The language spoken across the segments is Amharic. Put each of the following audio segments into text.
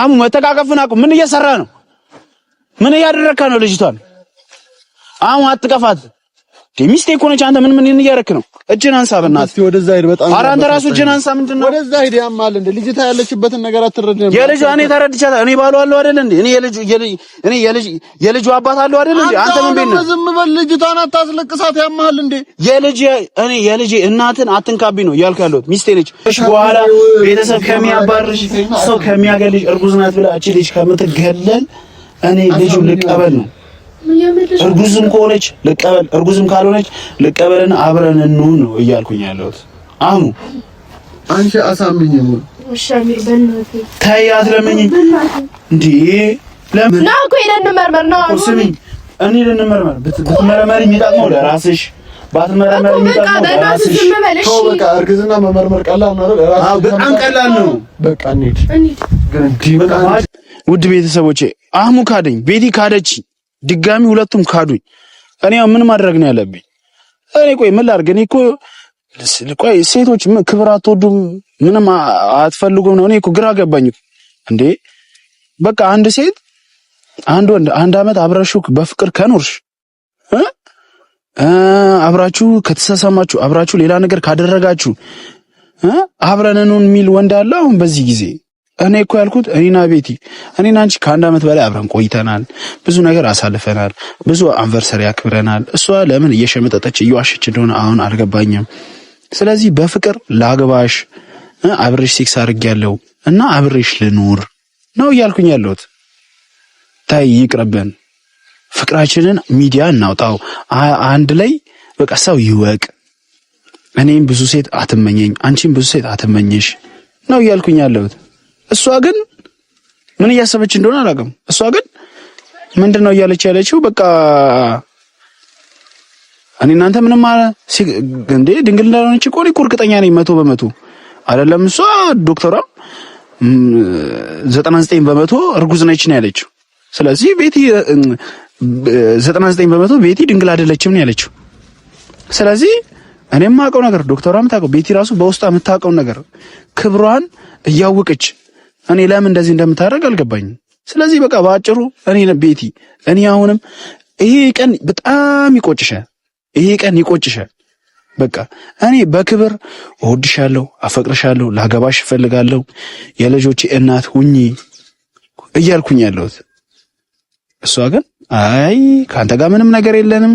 አሙ መተቃቀፍን አቁም። ምን እየሰራ ነው? ምን እያደረካ ነው? ልጅቷን አሙ አትቀፋት። ሚስቴ እኮ ነች። አንተ ምን ምን እያደረክ ነው? እጅን አንሳ በእናትህ ወደዛ ሄድ። በጣም ኧረ አንተ ራሱ እጅን አንሳ። ምንድን ነው ወደዛ ሄድ። ያማል እንዴ ልጅቷ ያለችበትን ነገር አትረዳም። የልጅ እኔ ተረድቻታለሁ። እኔ ባሉ አለው አይደል እንዴ? እኔ የልጅ እኔ የልጅ የልጅ አባት አለው አይደል እንዴ? አንተ ምን ቤት ነው? ዝም በል። ልጅቷን አታስለቅሳት። ያማል እንዴ የልጅ እኔ የልጅ እናትን አትንካቢ ነው እያልኩ ያለሁት። ሚስቴ ነች። እሺ በኋላ ቤተሰብ ከሚያባርሽ ሰው ከሚያገልሽ እርጉዝ ናት ብላ እቺ ልጅ ከምትገለል እኔ ልጁ ልቀበል ነው እርጉዝም ከሆነች ልቀበል፣ እርጉዝም ካልሆነች ልቀበልን፣ አብረን እንሁን ነው እያልኩኝ ያለሁት። አሁኑ አንቺ አሳምኝ ነው ታይ እንዴ? ለምን ነው እኮ ልንመርመር ነው። ስሚኝ፣ እኔ ልንመርመር ብትመረመሪ የሚጠቅመው ለራስሽ ባትመረመሪ የሚጠቅመው ለራስሽ። በቃ እርግዝና መመርመር ቀላል ነው በጣም ቀላል ነው። በቃ እንሂድ። ውድ ቤተሰቦቼ አህሙ ካደኝ፣ ቤቲ ካደችኝ። ድጋሚ ሁለቱም ካዱኝ። እኔ ምን ማድረግ ነው ያለብኝ? እኔ ቆይ ምን ላድርግ? እኔ እኮ ቆይ ሴቶች ክብር አትወዱም፣ ምንም አትፈልጉም ነው? እኔ እኮ ግራ ገባኝ እንዴ። በቃ አንድ ሴት አንድ ወንድ አንድ አመት አብረሹ በፍቅር ከኖርሽ አብራችሁ ከተሳሳማችሁ አብራችሁ ሌላ ነገር ካደረጋችሁ አብረን የሚል ወንድ አለ አሁን በዚህ ጊዜ እኔ እኮ ያልኩት እኔና ቤቲ እኔና አንቺ ከአንድ ዓመት በላይ አብረን ቆይተናል። ብዙ ነገር አሳልፈናል። ብዙ አንቨርሰሪ አክብረናል። እሷ ለምን እየሸመጠጠች እየዋሸች እንደሆነ አሁን አልገባኝም። ስለዚህ በፍቅር ላግባሽ፣ አብሬሽ ሴክስ ያለው እና አብሬሽ ልኑር ነው እያልኩኝ ያለሁት። ታይ ይቅርብን፣ ፍቅራችንን ሚዲያ እናውጣው። አንድ ላይ በቃ ሰው ይወቅ። እኔም ብዙ ሴት አትመኘኝ፣ አንቺም ብዙ ሴት አትመኘሽ ነው እያልኩኝ ያለሁት። እሷ ግን ምን እያሰበች እንደሆነ አላውቅም። እሷ ግን ምንድን ነው እያለች ያለችው በቃ እኔ እናንተ ምንም እንዴ ድንግል እንዳልሆነች እኮ እኔ እኮ እርግጠኛ ነኝ መቶ በመቶ አይደለም። እሷ ዶክተሯ ዘጠና ዘጠኝ በመቶ እርጉዝ ነች ነው ያለችው። ስለዚህ ቤቲ ዘጠና ዘጠኝ በመቶ ቤቲ ድንግል አይደለችም ነው ያለችው። ስለዚህ እኔም የማውቀው ነገር ዶክተሯ የምታውቀው ቤቲ ራሱ በውስጧ የምታውቀው ነገር ክብሯን እያወቀች እኔ ለምን እንደዚህ እንደምታደርግ አልገባኝም። ስለዚህ በቃ በአጭሩ እኔ ቤቲ እኔ አሁንም ይሄ ቀን በጣም ይቆጭሻል፣ ይሄ ቀን ይቆጭሻል። በቃ እኔ በክብር እወድሻለሁ፣ አፈቅርሻለሁ፣ ላገባሽ እፈልጋለሁ፣ የልጆቼ እናት ሁኚ እያልኩኝ ያለሁት እሷ ግን አይ ከአንተ ጋር ምንም ነገር የለንም፣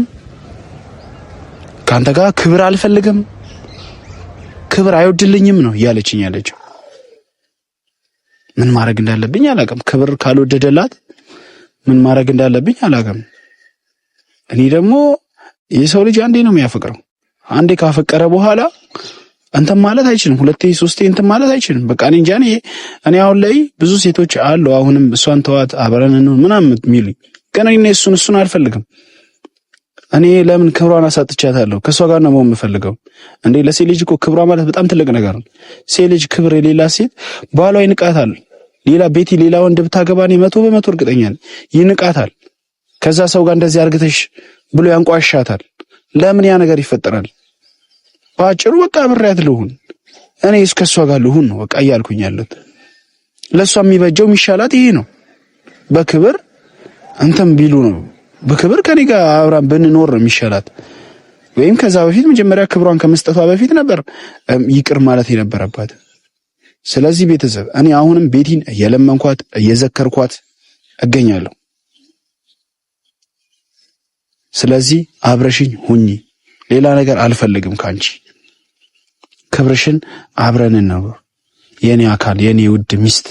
ከአንተ ጋር ክብር አልፈልግም፣ ክብር አይወድልኝም ነው እያለችኝ ያለችው። ምን ማድረግ እንዳለብኝ አላውቅም። ክብር ካልወደደላት ምን ማድረግ እንዳለብኝ አላውቅም። እኔ ደግሞ የሰው ልጅ አንዴ ነው የሚያፈቅረው። አንዴ ካፈቀረ በኋላ እንትን ማለት አይችልም። ሁለቴ ሶስቴ እንትን ማለት አይችልም። በቃ እኔ እንጃ። እኔ አሁን ላይ ብዙ ሴቶች አሉ አሁንም እሷን ተዋት አብረን እንሁን ምናምን የሚሉኝ ግን እኔ እሱን እሱን አልፈልግም። እኔ ለምን ክብሯን አሳጥቻታለሁ? ከእሷ ጋር ነው መሆን የምፈልገው። እንዴ ለሴት ልጅ እኮ ክብሯ ማለት በጣም ትልቅ ነገር ነው። ሴት ልጅ ክብር የሌላት ሴት ባሏ ይንቃታል። ሌላ ቤቲ ሌላ ወንድ ብታገባ እኔ መቶ በመቶ እርግጠኛ ነኝ ይንቃታል። ከዛ ሰው ጋር እንደዚህ አርግተሽ ብሎ ያንቋሻታል። ለምን ያ ነገር ይፈጠራል? በአጭሩ በቃ አብሬያት ልሁን እኔ እስከሷ ጋር ልሁን ነው በቃ እያልኩኝ ያለት ለእሷ የሚበጀው የሚሻላት ይሄ ነው። በክብር አንተም ቢሉ ነው በክብር ከኔ ጋር አብራን ብንኖር ነው የሚሻላት። ወይም ከዛ በፊት መጀመሪያ ክብሯን ከመስጠቷ በፊት ነበር ይቅር ማለት የነበረባት። ስለዚህ ቤተሰብ እኔ አሁንም ቤቲን እየለመንኳት እየዘከርኳት እገኛለሁ። ስለዚህ አብረሽኝ ሁኚ፣ ሌላ ነገር አልፈልግም ካንቺ። ክብርሽን አብረን ነው የኔ አካል፣ የኔ ውድ ሚስት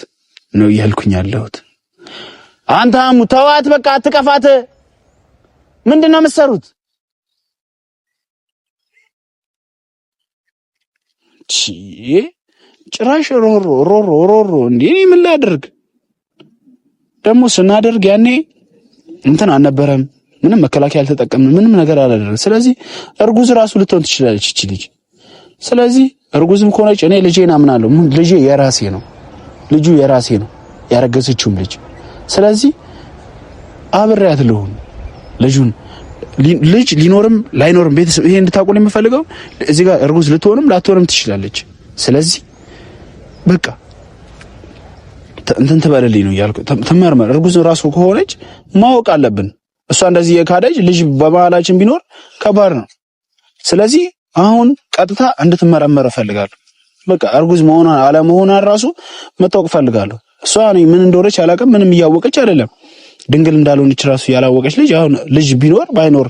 ነው እያልኩኝ ያለሁት። አንተ አሙ ተዋት፣ በቃ አትቀፋት። ምንድን ነው የምትሰሩት? ቺ ጭራሽ ሮሮ ሮሮ ሮሮ እንዴ! እኔ ምን ላድርግ ደግሞ ስናደርግ ያኔ እንትን አልነበረም። ምንም መከላከያ አልተጠቀምንም። ምንም ነገር አላደረግም። ስለዚህ እርጉዝ ራሱ ልትሆን ትችላለች እቺ ልጅ። ስለዚህ እርጉዝም ከሆነች እኔ ልጄን አምናለሁ። ልጄ የራሴ ነው፣ ልጁ የራሴ ነው፣ ያረገዘችውም ልጅ። ስለዚህ አብሬያት ልሁን ልጁን ልጅ ሊኖርም ላይኖርም ቤተሰብ ይሄ እንድታውቁ ነው የምፈልገው። እዚህ ጋር እርጉዝ ልትሆንም ላትሆንም ትችላለች። ስለዚህ በቃ እንትን ትበልልኝ ነው እያልኩ ትመርመር። እርጉዝ ራሱ ከሆነች ማወቅ አለብን። እሷ እንደዚህ የካደች ልጅ በመሀላችን ቢኖር ከባድ ነው። ስለዚህ አሁን ቀጥታ እንድትመረመር እፈልጋለሁ። በቃ እርጉዝ መሆኗን አለመሆኗን ራሱ መታወቅ እፈልጋለሁ። እሷ እኔ ምን እንደሆነች አላውቅም። ምንም እያወቀች አይደለም። ድንግል እንዳልሆነች ራሱ ያላወቀች ልጅ አሁን ልጅ ቢኖር ባይኖር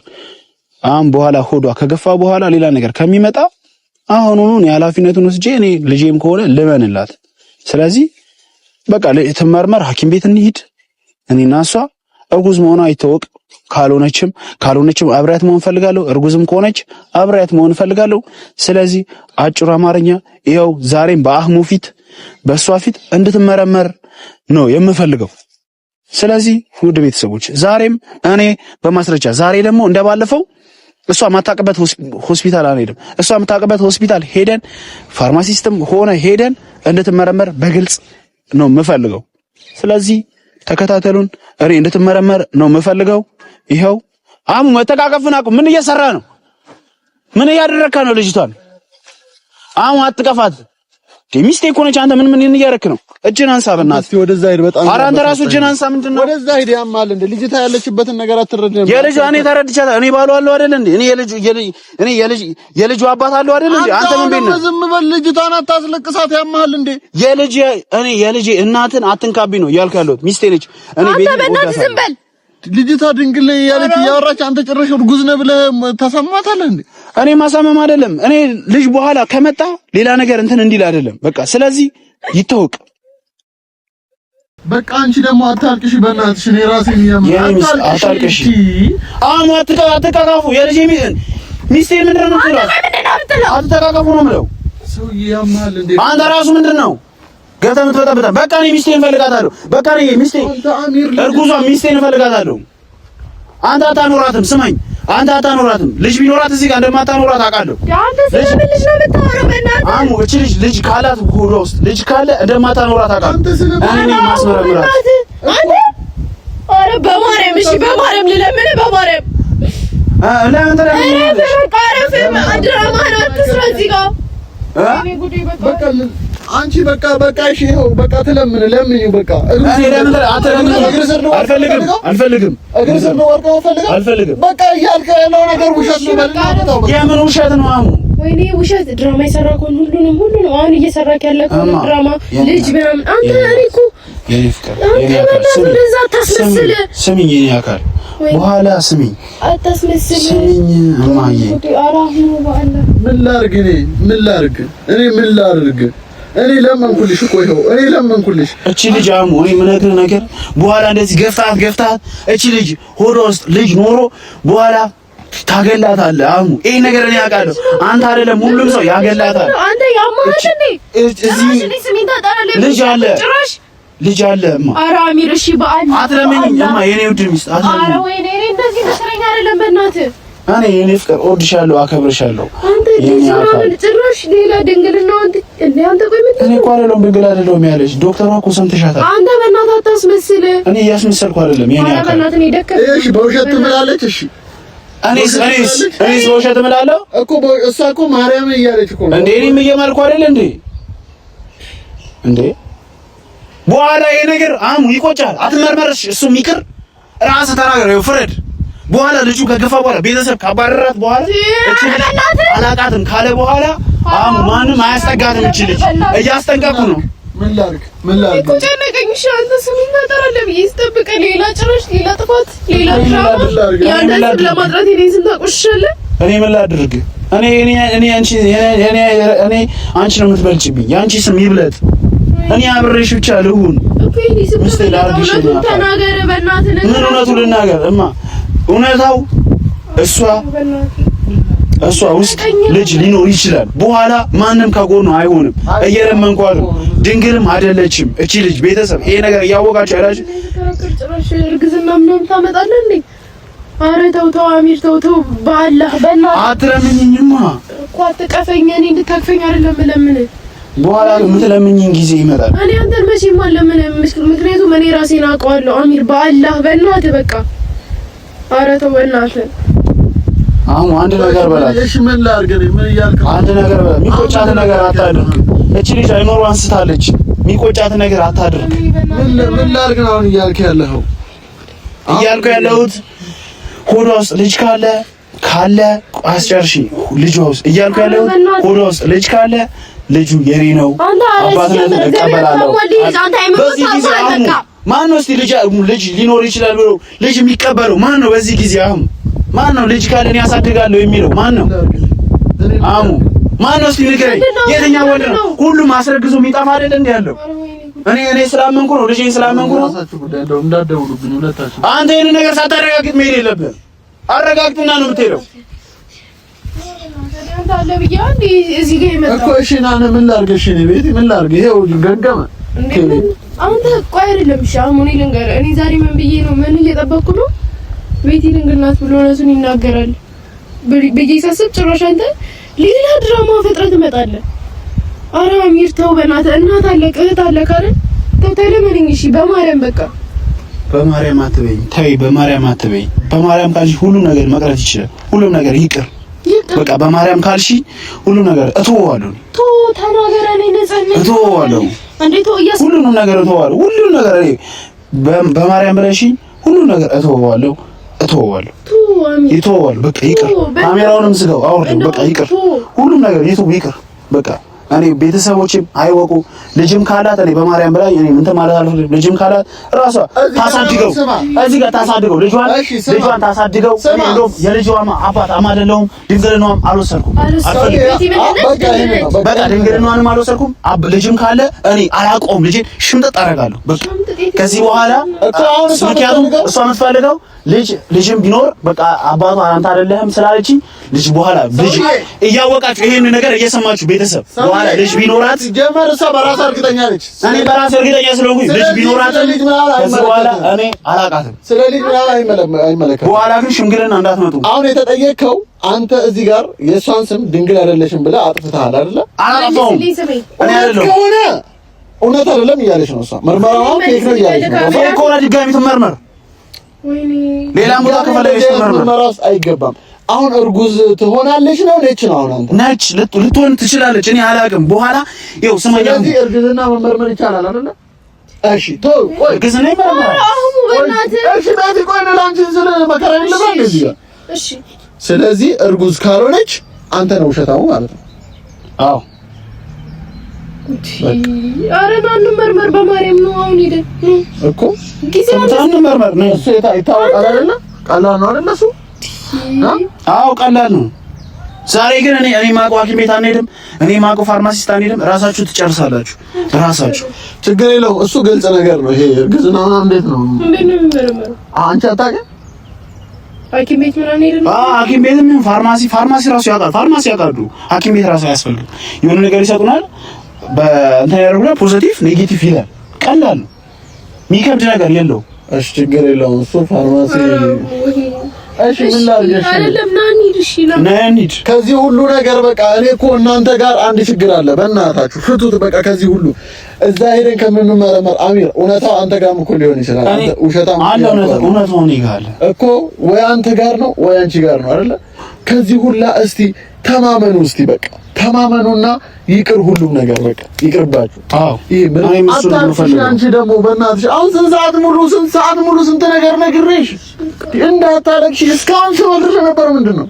አሁን በኋላ ሆዷ ከገፋ በኋላ ሌላ ነገር ከሚመጣ አሁኑኑ ሆኖ ነው ኃላፊነቱን ወስጄ እኔ ልጄም ከሆነ ልመንላት። ስለዚህ በቃ ትመርመር፣ ሐኪም ቤት እንሂድ። እኔና እሷ እርጉዝ መሆኗ አይታወቅ። ካልሆነችም ካልሆነችም አብሪያት መሆን ፈልጋለሁ። እርጉዝም ከሆነች አብሬያት መሆን ፈልጋለሁ። ስለዚህ አጭሩ አማርኛ ይኸው ዛሬም በአህሙ ፊት በእሷ ፊት እንድትመረመር ነው የምፈልገው። ስለዚህ ውድ ቤተሰቦች ዛሬም እኔ በማስረጃ ዛሬ ደግሞ እንደባለፈው እሷ የማታውቅበት ሆስፒታል አንሄድም። እሷ የምታውቅበት ሆስፒታል ሄደን ፋርማሲስትም ሆነ ሄደን እንድትመረመር በግልጽ ነው የምፈልገው። ስለዚህ ተከታተሉን። እኔ እንድትመረመር ነው የምፈልገው። ይኸው አሙ መተቃቀፍን አቁም። ምን እየሰራ ነው? ምን እያደረካ ነው? ልጅቷን አሙ አትቀፋት። ሚስቴ እኮ ነች። አንተ ምን ምን እያደረክ ነው? እጅን አንሳ በእናትህ ወደዛ ሄድ። በጣም ኧረ አንተ ራሱ እጅን አንሳ። ምንድን ነው ወደዛ ሄድ። ያማል እንዴ ልጅቷ ያለችበትን ነገር አትረዳም። የልጅ እኔ ተረድቻለሁ። እኔ ባሉ አለው አይደል እንዴ? እኔ የልጅ እኔ የልጅ የልጅ አባት አለው አይደል እንዴ? አንተ ምን ቢነ ነው? ዝም በል። ልጅቷን አታስለቅሳት። ያማል እንዴ የልጅ እኔ የልጅ እናትን አትንካቢ ነው እያልኩ ያለሁት። ሚስቴ ነች። እኔ ቤት አንተ በእናትህ ዝም በል። ልጅቷ ድንግል እያለች እያወራች አንተ ጭራሽ እርጉዝ ነህ ብለህ ተሰማታለህ እንዴ? እኔ ማሳመም አይደለም። እኔ ልጅ በኋላ ከመጣ ሌላ ነገር እንትን እንዲል አይደለም። በቃ ስለዚህ ይታወቅ። በቃ አንቺ ደግሞ አታልቅሽ፣ በእናትሽ እኔ ራሴን ያምራል። አታልቅሽ፣ አሁን አትቃቃፉ። የልጅ ሚስቴ ምንድን ነው ትላለህ? አትተቃቀፉ ነው የምለው። ሰውዬ ያምሃል እንዴ? አንተ ራሱ ምንድን ነው ገብተህ የምትበጠብጠን? በቃ እኔ ሚስቴን እፈልጋታለሁ። በቃ እኔ ሚስቴ እርጉዟን ሚስቴን እፈልጋታለሁ። አንተ አታኖራትም። ስማኝ፣ አንተ አታኖራትም። ልጅ ቢኖራት እዚህ ጋር እንደማታኖራት አውቃለሁ። አሙ እቺ ልጅ ልጅ ካላት ሆዷ ውስጥ ልጅ ካለ እንደማታኖራት አውቃለሁ። እኔ ማስመረምራት በማርያም እሺ፣ በማርያም ልለምን፣ በማርያም ለምን ነው፣ ጋር አንቺ በቃ በቃ እሺ፣ ይኸው በቃ ተለምን ለምን በቃ አልፈልግም አልፈልግም እግር ስር ነው አልፈልግም አልፈልግም በቃ እያልከ ያለው ነገር ውሸት ነው። በቃ የምን ውሸት ነው? አሁን ወይኔ ውሸት ድራማ የሰራ እኮ ሁሉንም ሁሉንም አሁን እየሰራክ ያለ ድራማ ልጅ ምናምን አንተ እኔ እኮ የኔ ፍቅር የኔ አካል እንደዛ አታስመስል። ስሚኝ የኔ አካል በኋላ ስሚኝ አታስመስል። ስሚኝ እማዬ ምን ላድርግ እኔ ምን ላድርግ እኔ ምን ላድርግ እኔ ለመንኩልሽ እኮ ይኸው፣ እኔ ለመንኩልሽ። እቺ ልጅ አሙ እኔ የምነግርህ ነገር በኋላ እንደዚህ ገፍታት ገፍታት እቺ ልጅ ሆዷ ውስጥ ልጅ ኖሮ በኋላ ታገላታለህ። አሙ ይሄ ነገር እኔ ያውቃለሁ፣ አንተ አይደለም ሁሉም ሰው ያገላታል። አንተ ልጅ አለ ልጅ አለ። እማ ኧረ አሚር፣ እሺ በአንተ አትለምኝም። እማ የኔ ውድ ሚስት አትለምኝም። ኧረ ወይኔ እንደዚህ ልሽረኛ አይደለም በእናትህ እኔ የኔ ፍቅር እወድሻለሁ፣ አከብርሻለሁ። ጭራሽ ሌላ ድንግልና እኔ እኮ አይደለሁም ድንግል አይደለሁም ያለች ዶክተሯ እኮ ሰምተሻታል። አንተ በእናትህ አታስመስል። እኔ እያስመሰልኩ አይደለም። የኔ አካል እሺ፣ በውሸት ትምላለች። እሺ እኔስ እኔስ እኔስ በውሸት እምላለሁ እኮ እሷ እኮ ማርያም እያለች እኮ እንዴ፣ እኔም እየማልኩ አይደል እንዴ እንዴ። በኋላ ይሄ ነገር አሙ ይቆጫል። አትመርመርሽ፣ እሱ ይቅር። ራስህ ተናገር፣ ፍረድ በኋላ ልጁ ከገፋ በኋላ ቤተሰብ ካባረራት በኋላ አላቃትም ካለ በኋላ አሁን ማንም አያስጠጋትም። እቺ ልጅ እያስጠንቀቁ ነው። ምን ላድርግ ምን ላድርግ እኮ ጨነቀኝ። እሺ አንተ ስም ይፈጠራል ብዬ ስጠብቅ ሌላ ጭራሽ ሌላ ጥፋት ሌላ ድራማ ለማጥራት የኔን ስም ታቆሻለህ። እኔ ምን ላድርግ እኔ እኔ እኔ አንቺ እኔ እኔ አንቺ ነው የምትበልጭብኝ። የአንቺ ስም ይብለጥ። እኔ አብሬሽ ብቻ ልሁን። ምን እውነቱን ልናገር እማ እውነታው እሷ እሷ ውስጥ ልጅ ሊኖር ይችላል። በኋላ ማንም ከጎኑ አይሆንም። እየለመንኳት ነው። ድንግልም አይደለችም እቺ ልጅ። ቤተሰብ ይሄ ነገር እያወቃችሁ ያላችሁ ጭራሽ ተው ተው አሚር ተው ተው፣ በአላህ በእናትህ አትለምኝኝማ እኮ አትቀፈኝ። እኔ እንድታቅፈኝ አይደለም ለምን በኋላ ጊዜ ይመጣል። እኔ አንተን መቼም ምክንያቱም እኔ ራሴን አውቀዋለሁ አሚር። በአላህ በእናትህ በቃ ኧረ ተው በእናትህ። አሁን አንድ ነገር በላት። እሺ ምን ላድርግ? ምን እያልከው? አንድ ነገር በላት። የሚቆጫት ነገር አታድርግ። እቺ ልጅ አይኖሯን አንስታለች። የሚቆጫት ነገር አታድርግ። ምን ምን ላድርግ ነው አሁን እያልክ ያለኸው? እያልኩ ያለሁት ሆዷ ውስጥ ልጅ ካለ ካለ አስጨርሺ። ልጇ ውስጥ እያልኩ ያለሁት ሆዷ ውስጥ ልጅ ካለ ልጁ የኔ ነው፣ አባትነት እቀበላለሁ። በዚህ ጊዜ አሁን ማን ነው እስቲ ልጅ ልጅ ሊኖር ይችላል ብሎ ልጅ የሚቀበለው ማን ነው? በዚህ ጊዜ አሙ ማን ነው? ልጅ ካለን ያሳድጋለሁ የሚለው ማን ነው? አሙ ማን ነው? እስቲ ንገረኝ። የትኛው ወንድ ነው? ሁሉም አስረግዞ የሚጠፋ አይደል እንዴ ያለው? እኔ እኔ ስላመንኩ ነው ልጅ ስላመንኩ ነው። አንተ ይሄንን ነገር ሳታረጋግጥ መሄድ የለብህም። አረጋግጥና ነው የምትሄደው። እዚህ ጋር ይመጣ እኮ እሺ፣ ና ምን ላድርግ? እሺ፣ ቤት ምን ላድርግ? ይሄው ገገመ አሁን ቆይ አይደለም። እሺ አሁን እኔ ልንገርህ፣ እኔ ዛሬ ምን ብዬ ነው ምን እየጠበቅኩ ነው? ቤቲ ልንግናት ብሎ እውነቱን ይናገራል ብዬ ሳስብ ጭራሽ አንተ ሌላ ድራማ ፍጥረት ትመጣለህ። ኧረ አሚር ተው በእናትህ። እናት አለ እህት አለ ካለ ተው ተለመነኝ። እሺ በማርያም በቃ በማርያም አትበይ ተይ በማርያም አትበይ በማርያም ካልሽ ሁሉም ነገር መቅረት ይችላል። ሁሉም ነገር ይቅር በቃ በማርያም ካልሽ ሁሉም ነገር እተወዋለሁ። ተው ተናገረኝ። ነፃነት እተወዋለሁ ሁሉንም ነገር እተዋለሁ። ሁሉንም ነገር እኔ በማርያም ብለሽኝ ሁሉንም ነገር እተወዋለሁ እተወዋለሁ ይተዋል። በቃ ይቅር። ካሜራውንም ስጋው አውርደው። በቃ ይቅር። ሁሉም ነገር ይቱ ይቅር። በቃ እኔ ቤተሰቦችም አይወቁ። ልጅም ካላት እኔ በማርያም ብላ እኔ እንት ማለት አልፈልግም። ልጅም ካላት ራሷ ታሳድገው፣ እዚህ ጋር ታሳድገው፣ ልጇን ልጇን ታሳድገው። እኔ እንደውም የልጇም አባት አይደለሁም። ድንግልናዋም አልወሰድኩም፣ አልፈልግም። በቃ ድንግልናዋንም አልወሰድኩም። ልጅም ካለ እኔ አላውቀውም። ልጄን ሽምጥጥ አደርጋለሁ። በቃ ከዚህ በኋላ ምክንያቱም እሷ የምትፈልገው ልጅ ልጅም ቢኖር በቃ አባቱ አንተ አይደለህም ስላለችኝ ልጅ በኋላ ልጅ እያወቃችሁ ይሄን ነገር እየሰማችሁ ቤተሰብ በኋላ ልጅ ቢኖራት ጀመር እሷ በራሷ እርግጠኛ ነች። እኔ በራሴ እርግጠኛ ስለሆንኩኝ ልጅ ቢኖራት ልጅ በኋላ እኔ አላውቃትም። ስለ ልጅ ምናምን አይመለከትም። በኋላ ግን ሽምግልና እንዳትመጡ። አሁን የተጠየቅከው አንተ እዚህ ጋር የእሷን ስም ድንግል አይደለሽም ብለህ አጥፍተሃል አይደለ? አላጠፋሁም እኔ አይደለሁም። እውነት አይደለም እያለች ነው እሷ። ምርመራዋ ፌክ ነው እያለች ነው። ድጋሚ ትመርመር ሌላ ቦታ ከፈለገች አይገባም። አሁን እርጉዝ ትሆናለች ነው ነች ነው አሁን አንተ ነች ልትሆን ትችላለች። እኔ አላውቅም። በኋላ ይኸው ስመኛ ስለዚህ እርግዝና መመርመር ይቻላል አይደለ? እሺ ተው ቆይ እርግዝና ይመረመራል። እሺ ቤቲ ቆይ ለአንቺ ስለ መከራ የለም እዚህ እሺ። ስለዚህ እርጉዝ ካልሆነች አንተ ነው ውሸታው ማለት ነው። አዎ ኧረ ማንም መርመር በማርያም ነው። አሁን ሄደን እኮ ጊዜ መርመር ነው እሱ ይታወቃል አይደለ? ቀላል ነው አይደለ? እሱ አዎ ቀላል ነው። ዛሬ ግን እኔ እኔ የማውቀው ሐኪም ቤት አንሄድም። እኔ ማቆ ፋርማሲስት አንሄድም። ራሳችሁ ትጨርሳላችሁ ራሳችሁ። ችግር የለው እሱ ግልጽ ነገር ነው። ይሄ እርግዝና ምናምን እንዴት ነው አንቺ አታውቂም? ሐኪም ቤት ምናምን ሄደን አዎ ሐኪም ቤት ምን ፋርማሲ ፋርማሲ ራሱ ያውቃል። ፋርማሲ ያውቃሉ። ሐኪም ቤት ራሱ አያስፈልግም። የሆነ ነገር ይሰጡናል በእንትን ያደርጉ ላይ ፖዘቲቭ ኔጌቲቭ ይላል። ቀላል ነው፣ የሚከብድ ነገር የለው። እሺ ችግር የለውም። እሱ ፋርማሲ ከዚህ ሁሉ ነገር በቃ እኔ እኮ እናንተ ጋር አንድ ችግር አለ፣ በእናታችሁ ፍቱት። በቃ ከዚህ ሁሉ እዛ ሄደን ከምንመረመር አሚር፣ እውነታው አንተ ጋርም እኮ ሊሆን ይችላል። አንተ ውሸታም እኮ ወይ አንተ ጋር ነው ወይ አንቺ ጋር ነው አይደለ? ከዚህ ሁላ እስቲ ተማመኑ እስቲ በቃ ተማመኑና ይቅር ሁሉም ነገር በቃ ይቅርባችሁ። አዎ ይሄ ምን ነው አንቺ ደግሞ በእናትሽ አሁን ስንት ሰዓት ሙሉ ስንት ሰዓት ሙሉ ስንት ነገር ነግሬሽ እንዳታለቅሽ እስካሁን ስወድር ነበር። ምንድን ነው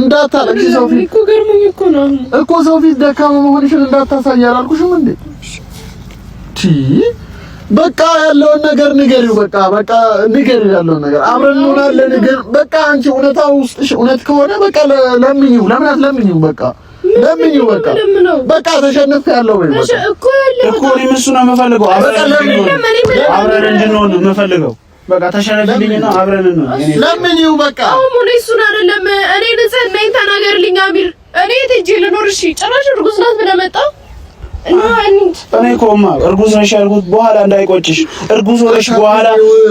እንዳታለቅሽ ሰው ፊት እኮ ገርሞኝ እኮ ነው እኮ ሰው ፊት ደካማ መሆንሽን እንዳታሳይ አላልኩሽም እንዴ? ቺ በቃ ያለውን ነገር ንገሪው። በቃ በቃ ንገሪው ያለውን ነገር አብረን እንሆናለን። ንገር በቃ አንቺ እውነታው ውስጥሽ እውነት ከሆነ በቃ ለምኝው። ለምን አትለምኝው? በቃ ለምን ይወጣ? በቃ ተሸነፈ ያለው ወይ እኮ እኮ እኔም እሱ ነው የምፈልገው። አብረን አብረን እንድንሆን ነው የምፈልገው። በቃ ተሸነፍልኝ ነው አብረን ነው ለምን ይው በቃ አሁን እሱን አይደለም እኔ ንጽህና ነኝ። ተናገርልኝ አሚር። እኔ ትጂ ልኖር እሺ። ጭራሽ እርጉዝ ናት ብለህ መጣ እኔ ኮማ እርጉዝ ነሽ ያልኩት በኋላ እንዳይቆጭሽ፣ እርጉዝ ሆነሽ በኋላ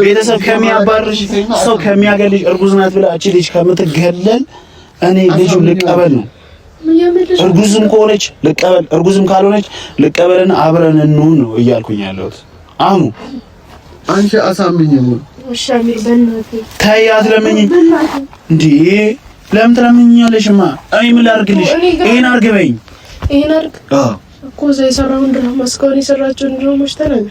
ቤተሰብ ከሚያባርሽ ሰው ከሚያገልሽ እርጉዝ ናት ብለህ እቺ ልጅ ከምትገለል እኔ ልጁን ልቀበል ነው እርጉዝም ከሆነች ልቀበል፣ እርጉዝም ካልሆነች ልቀበልን፣ አብረን እንሁን ነው እያልኩኝ ያለሁት። አሙ አንቺ አሳምኝ ነው ታይ ለምኝ እንዴ? ለምን ትለምኛለሽማ? አይ ምን ላድርግልሽ? ይሄን አርግበኝ፣ ይሄን አርግ እኮ እዛ የሰራው ድራማ እስካሁን የሰራቸው ድራማዎች ተናገር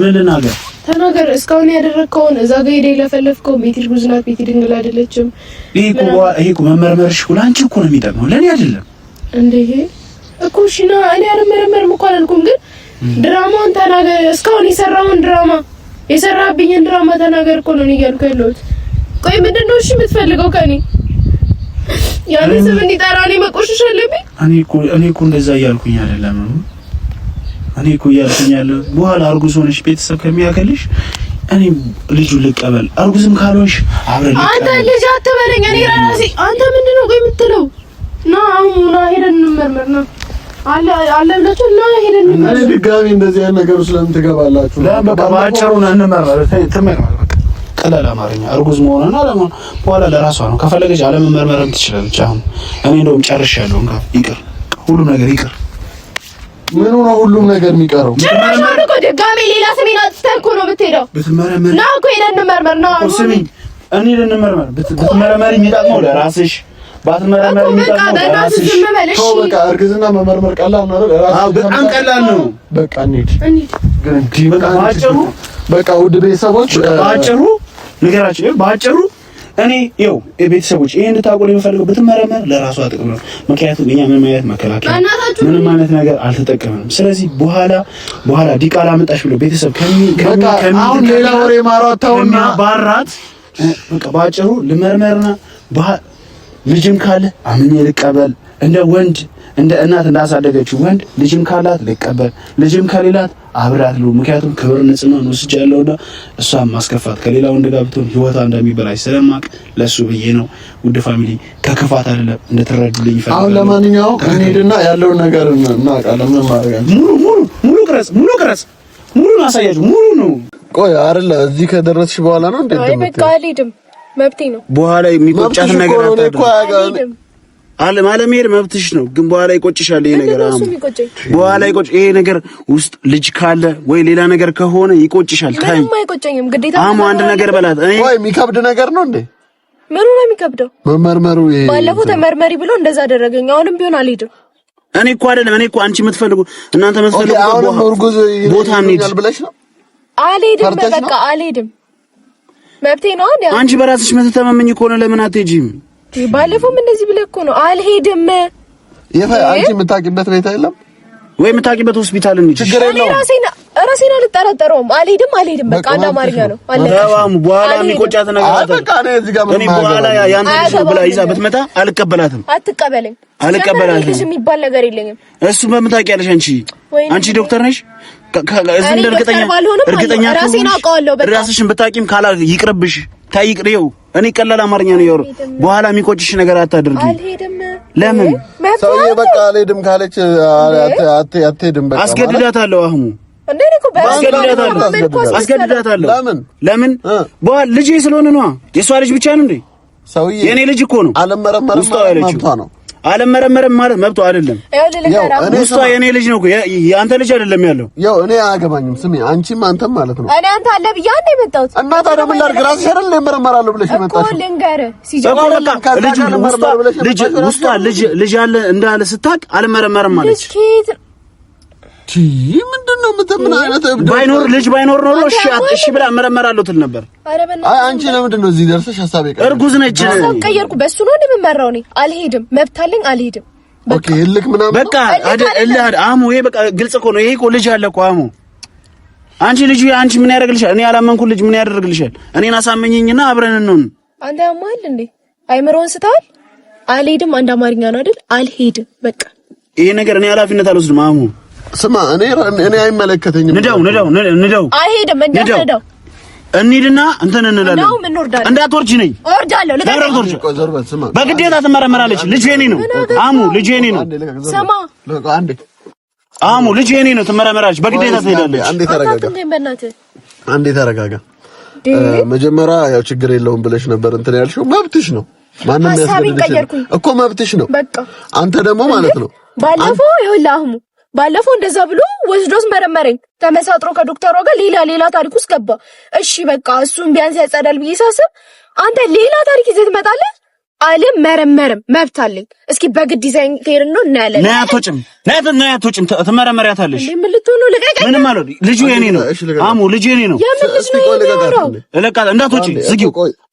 ምን እናገር ተናገር። እስካሁን ያደረግከውን እዛ ጋር ሄደ የለፈለፍከው ሜትር ጉዝ ናት። ቤቲ ድንግል አይደለችም። ይሄ እኮ ይሄ እኮ መመርመርሽ እኮ ለአንቺ እኮ ነው የሚጠቅመው ለእኔ አይደለም እንዴ። እኮ እሺ ና እኔ አልመረመርም እኮ አላልኩም፣ ግን ድራማውን ተናገር። እስካሁን የሰራውን ድራማ የሰራብኝን ድራማ ተናገር እኮ ነው እያልኩ ያለሁት። ቆይ ምንድን ነው እሺ የምትፈልገው ከኔ? ያኔ ስም እንዲጠራ እኔ መቆሸሽ አለብኝ? እኔ እኮ እኔ እኮ እንደዛ እያልኩኝ አይደለም እኔ እኮ እያልኩኝ ያለሁት በኋላ አርጉዝ ሆነሽ ቤተሰብ ከሚያከልሽ እኔ ልጁ ልቀበል፣ አርጉዝም ካልሆንሽ አብረን አንተ ልጅ አትበለኝ። እኔ ራሴ አንተ ምንድን ነው ቆይ የምትለው? ና አሁን ና ሄደን እንመርመር ነው አለ አለ ና ሄደን እንመርመር። እኔ ድጋሚ እንደዚህ አይነት ነገር ትገባላችሁ? እንመርመር። በኋላ ለራሷ ነው። ትችላለች። አሁን እኔ ይቅር፣ ሁሉም ነገር ይቅር። ምን ነው ሁሉም ነገር የሚቀረው? ጭራሽ አድርጎ ድጋሜ ሌላ ስሜን አጥተህ እኮ ነው የምትሄደው። ብትመረመር ነው እኮ ሄደን ነው አሁን ስሜን እኔ ልንመርመር። ብትመረመሪ የሚጠቅመው ለራስሽ፣ ባትመረመሪ የሚጠቅመው ለራስሽ። በቃ እርግዝና መመርመር ቀላል ነው አይደል? አዎ በጣም ቀላል ነው። በቃ እንሂድ። ግን በቃ ባጭሩ፣ በቃ ውድ ቤተሰቦች ባጭሩ ንገራችሁ፣ ባጭሩ እኔ ይኸው ቤተሰቦች ይሄን እንድታቆል የምፈልገው ብትመረመር ለራሷ ጥቅም ነው። ምክንያቱም እኛ ምንም አይነት መከላከያ ምንም አይነት ነገር አልተጠቀምንም። ስለዚህ በኋላ በኋላ ዲቃላ መጣሽ ብሎ ቤተሰብ ከሚ ከሚ አሁን ሌላ ወሬ ማራታውና ባራት በቃ ባጭሩ ልመርመርና ልጅም ካለ አምኜ ልቀበል እንደ ወንድ እንደ እናት እንዳሳደገችው ወንድ ልጅም ካላት ልቀበል፣ ልጅም ከሌላት አብራት ልሁ። ምክንያቱም ክብር ንጽህናን ወስጃለሁና እሷን ማስከፋት ከሌላ ወንድ ጋር ብትሆን ሕይወቷ እንደሚበላሽ ስለማቅ ለሱ ብዬ ነው። ውድ ፋሚሊ ከክፋት አይደለም እንድትረዱልኝ ይፈልጋል። አሁን ለማንኛውም እንሂድና ያለውን ነገር እናውቃለን። ምን ማድረግ ሙሉ ሙሉ ሙሉ ቅረጽ ሙሉ ቅረጽ ሙሉ ማሳያጅ፣ ሙሉ ነው። ቆይ አይደለ እዚህ ከደረስሽ በኋላ ነው እንዴ? አይ በቃ አልሄድም፣ መብቴ ነው። በኋላ የሚቆጫት ነገር አታድርግ አለም አለመሄድ መብትሽ ነው፣ ግን በኋላ ይቆጭሻል። ይሄ ነገር አሁን በኋላ ይቆጭ ይሄ ነገር ውስጥ ልጅ ካለ ወይ ሌላ ነገር ከሆነ ይቆጭሻል። ታይ ምንም አይቆጨኝም፣ ግዴታ አሁን አንድ ነገር በላት። ወይ የሚከብድ ነገር ነው እንዴ? ምኑ ነው የሚከብደው? መመርመሩ። ይሄ ባለፈው ተመርመሪ ብሎ እንደዛ አደረገኝ። አሁንም ቢሆን አልሄድም። እኔ እኮ አይደለም እኔ እኮ አንቺ የምትፈልጉ እናንተ የምትፈልጉ ቦታ እንሂድ አልሄድም። በቃ አልሄድም፣ መብቴ ነው። አንቺ በራስሽ የምትተማመኝ ከሆነ ለምን አትሄጂም? ባለፈውም እንደዚህ ብለህ እኮ ነው አልሄድም። ይፈ አንቺ የምታውቂበት ቤት የለም ወይ የምታውቂበት ሆስፒታል ነው? ችግር የለውም። ራሴን ራሴን አልጠራጠረውም። አልሄድም አልሄድም በቃ አንድ አማርኛ ነው አለ ራዋም በኋላ የሚቆጫት ነገር አለ። በቃ ነው እዚህ ጋር ምን በኋላ ያን ብላ ይዛ ብትመጣ አልቀበላትም። አትቀበለኝ፣ አልቀበላትም። ልጅ የሚባል ነገር የለኝም። እሱ በምን ታውቂያለሽ አንቺ? አንቺ ዶክተር ነሽ እዚህ እንደ እርግጠኛ እርግጠኛ ራሴን አውቀዋለሁ። በቃ ራስሽን ብታውቂም ካላ ይቅርብሽ ታይቅሪው እኔ ቀላል አማርኛ ነው ያወራው። በኋላ የሚቆጭሽ ነገር አታድርጊ። ለምን ሰውዬ በቃ አልሄድም ካለች አትሄድም። በቃ አስገድዳታለሁ። አህሙ አስገድዳታለሁ። ለምን በኋላ ልጄ ስለሆነ ነው። የእሷ ልጅ ብቻ ነው እንዴ? ሰውዬ የእኔ ልጅ እኮ ነው። አለመረመረ ነው አለመረመረም ማለት መብቶ አይደለም። ውስጧ የኔ ልጅ ነው፣ የአንተ ልጅ አይደለም ያለው። ያው እኔ አያገባኝም። ስሜ አንቺም አንተም ማለት ነው። እኔ አንተ አለ ብዬሽ አንዴ መጣሁት እና ታዲያ ምን ላድርግ? እራስሽ አይደል እመረመራለሁ ብለሽ መጣሽ። ልጅ ውስጧ ልጅ አለ እንዳለ ስታውቅ አለመረመረም ማለት ቲ ምንድን ነው ምን አይነት እብድ ባይኖር ልጅ ባይኖር ኖሮ እሺ እሺ ብላ እመረመራለሁ ትል ነበር። አይ አንቺ ለምንድን ነው እዚህ ደርሰሽ ሐሳብ ይቀር እርጉዝ ነች። ሀሳብ ቀየርኩ። በሱ ነው የምመራው እኔ። አልሄድም፣ መብት አልሄድም። ኦኬ እልክ ምናምን በቃ አደ እልህ አሙ። ይሄ በቃ ግልጽ እኮ ነው። ይሄ እኮ ልጅ አለ እኮ አሙ። አንቺ ልጅ አንቺ ምን ያደርግልሻል? እኔ ያላመንኩ ልጅ ምን ያደርግልሻል? እኔን አሳመኘኝና አብረን እንሆን። አንተ አማል እንዴ አይምሮን ስታል አልሄድም። አንድ አማርኛ ነው አይደል? አልሄድም። በቃ ይሄ ነገር እኔ ኃላፊነት አልወስድም አሙ ስማ፣ እኔ እኔ አይመለከተኝም። ንደው ንደው ንደው አይሄድም። ንደው እንሂድና እንትን እንላለን። እንዳትወርጂ ነኝ በግዴታ ትመረመራለች። ልጅ የኔ ነው አሙ፣ ልጅ የኔ ነው ስማ አሙ፣ ልጅ የኔ ነው። ትመረመራለች፣ በግዴታ ትሄዳለች። አንዴ ተረጋጋ። አንዴ ተረጋጋ። መጀመሪያ ያው ችግር የለውም ብለሽ ነበር እንትን ያልሽው፣ መብትሽ ነው። ማንም ያስገድድሽ እኮ መብትሽ ነው። በቃ አንተ ደግሞ ማለት ነው ባለፈው ይኸውልህ አህሙ ባለፈው እንደዛ ብሎ ወስዶስ መረመረኝ። ተመሳጥሮ ከዶክተሯ ጋር ሌላ ሌላ ታሪክ ውስጥ ገባ። እሺ በቃ እሱን ቢያንስ ያጸዳል ብዬ ሳስብ አንተ ሌላ ታሪክ ይዘህ ትመጣለህ። አለም መረመርም መብት አለኝ። እስኪ በግድ ዲዛይን ከሄድ ነው እናያለን። ነይ አትወጭም፣ ነይ ነይ አትወጭም። ትመረመሪያታለሽ። ምን ልትሆን ነው? ልቀቀኝ። ምን ማለት ልጁ የኔ ነው። አሙ ልጁ የኔ ነው። የምን ልጅ ነው? ለቃ እንዳትወጪ። ዝጊው፣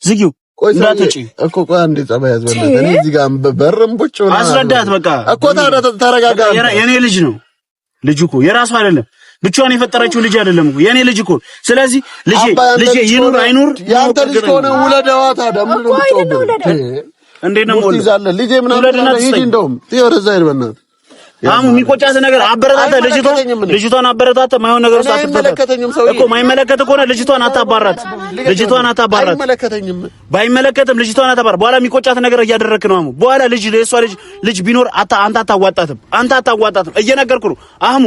ዝጊው እንዳትወጪ እኮ። ቆይ አንዴ ጸባይ ያዝበላት። እኔ እዚህ ጋር በርም ቁጭ ብላ አስረዳት። በቃ እኮ ታዲያ ተረጋጋ። የኔ ልጅ ነው ልጅ እኮ የራሱ አይደለም፣ ብቻዋን የፈጠረችው ልጅ አይደለም እኮ የኔ ልጅ እኮ። ስለዚህ ልጅ ልጅ ይኑር አይኑር ያንተ ልጅ ከሆነ ውለደዋ። ታዲያ ምን ነው ልጅ ምናምን እንደውም አሙ የሚቆጫት ነገር አበረታተ ልጅቷ ልጅቷን አበረታተ ማይሆን ነገር ውስጥ አትመለከተኝም እኮ ማይመለከት ከሆነ ልጅቷን አታባራት፣ ልጅቷን አታባራት። አይመለከተኝም፣ ባይመለከትም ልጅቷን አታባራት። በኋላ የሚቆጫት ነገር እያደረክ ነው አሙ በኋላ ልጅ ለሷ ልጅ ልጅ ቢኖር አታ አንተ አታዋጣትም፣ አንተ አታዋጣትም። እየነገርኩ ነው አሙ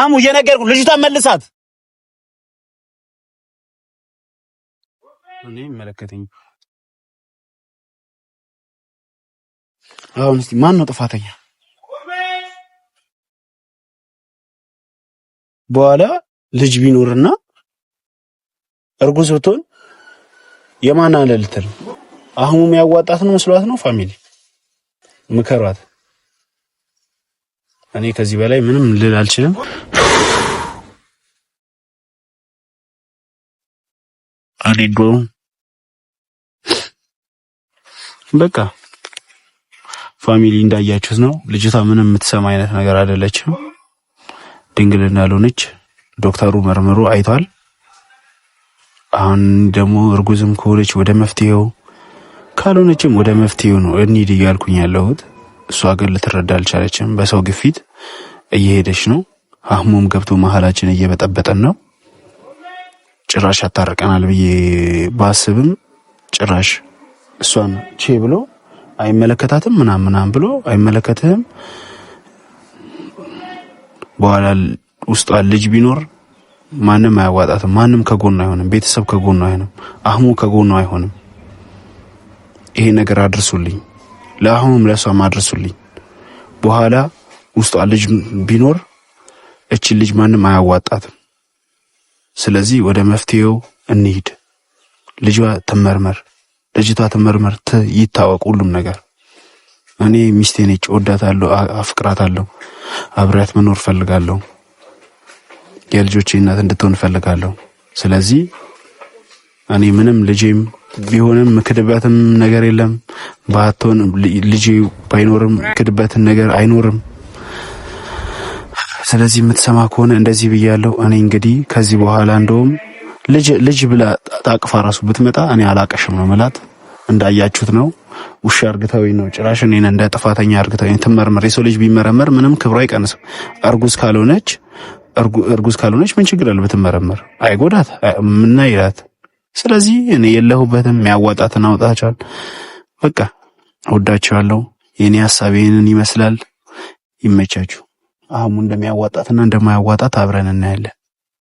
አሙ እየነገርኩ ልጅቷን መልሳት። እኔ መለከተኝ አሁን እስቲ ማን ነው ጥፋተኛ? በኋላ ልጅ ቢኖርና እርጉዝ ብትሆን የማን አለልት ነው? አህሙ የሚያዋጣት ነው መስሏት ነው። ፋሚሊ ምከሯት። እኔ ከዚህ በላይ ምንም ልል አልችልም። እኔ እንደውም በቃ ፋሚሊ እንዳያችሁት ነው። ልጅቷ ምንም የምትሰማ አይነት ነገር አይደለችም። ድንግል እንዳልሆነች ዶክተሩ መርምሮ አይቷል። አሁን ደግሞ እርጉዝም ከሆነች ወደ መፍትሄው፣ ካልሆነችም ወደ መፍትሄው ነው እንሂድ እያልኩኝ ያለሁት። እሷ ግን ልትረዳ አልቻለችም። በሰው ግፊት እየሄደች ነው። አህሙም ገብቶ መሀላችን እየበጠበጠን ነው። ጭራሽ ያታርቀናል ብዬ ባስብም ጭራሽ እሷን ቼ ብሎ አይመለከታትም ምናም ምናም ብሎ አይመለከትህም በኋላ ውስጧ ልጅ ቢኖር ማንም አያዋጣትም። ማንም ከጎኑ አይሆንም። ቤተሰብ ከጎኑ አይሆንም። አህሙ ከጎኑ አይሆንም። ይሄ ነገር አድርሱልኝ፣ ለአህሙም ለእሷም አድርሱልኝ። በኋላ ውስጧ ልጅ ቢኖር እችን ልጅ ማንም አያዋጣትም። ስለዚህ ወደ መፍትሄው እንሂድ። ልጇ ትመርመር፣ ልጅቷ ትመርመር፣ ይታወቅ ሁሉም ነገር እኔ ሚስቴ ነች፣ እወዳታለሁ፣ አፍቅራታለሁ፣ አብሬያት መኖር እፈልጋለሁ፣ የልጆቼ እናት እንድትሆን እፈልጋለሁ። ስለዚህ እኔ ምንም ልጄም ቢሆንም ምክድበትም ነገር የለም ባትሆን ልጄ ባይኖርም ክድበትን ነገር አይኖርም። ስለዚህ የምትሰማ ከሆነ እንደዚህ ብያለሁ። እኔ እንግዲህ ከዚህ በኋላ እንደውም ልጅ ልጅ ብላ ታቅፋ ራሱ ብትመጣ እኔ አላቀሽም ነው መላት እንዳያችሁት ነው። ውሻ እርግታዊ ነው። ጭራሽ እኔን እንደ ጥፋተኛ እርግታዊ ትመርመር። የሰው ልጅ ቢመረመር ምንም ክብሩ አይቀንስም። እርጉዝ ካልሆነች እርጉዝ ካልሆነች ምን ችግር አለ ብትመረመር? አይጎዳት ምና ይላት። ስለዚህ እኔ የለሁበትም። ያዋጣትን አውጣቻል። በቃ እወዳችኋለሁ። የእኔ ሀሳብ ይህንን ይመስላል። ይመቻችሁ። አሁን እንደሚያዋጣትና እንደማያዋጣት አብረን እናያለን።